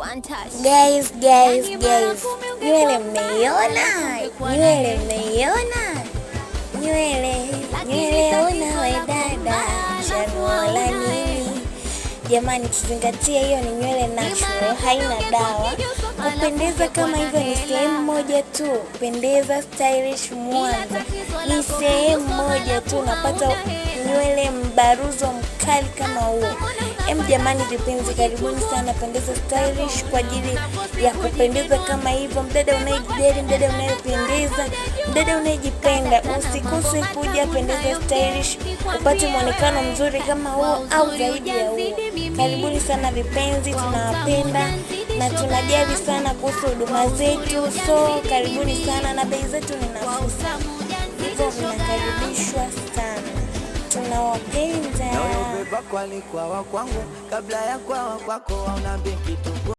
Guys, yaani guys, guys. Nywele mmeiona? Nywele mmeiona? Nywele, nywele una we dada. Shanuola nini? Jamani tuzingatie hiyo ni nywele natural, haina dawa. Kupendeza kama hivyo ni sehemu moja tu. Pendeza stylish mwanzo. Ni sehemu moja tu unapata nywele mbaruzo mkali kama huo. Em jamani, vipenzi, karibuni sana Pendeza Stylish kwa ajili ya kupendeza kama hivyo. Mdada unayejideli, mdada unayependeza, mdada unayejipenda, usikose kuja Pendeza Stylish upate mwonekano mzuri kama huo au zaidi ya huo. Karibuni sana vipenzi, tunawapenda na tunajali sana kuhusu huduma zetu, so karibuni sana na bei zetu ni nafuu. kwalikuwa wa kwangu kabla ya kwawa kwako, hauna benki tu